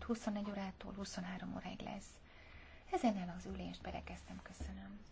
majd 21 órától 23 óráig lesz. el az ülést berekeztem, köszönöm.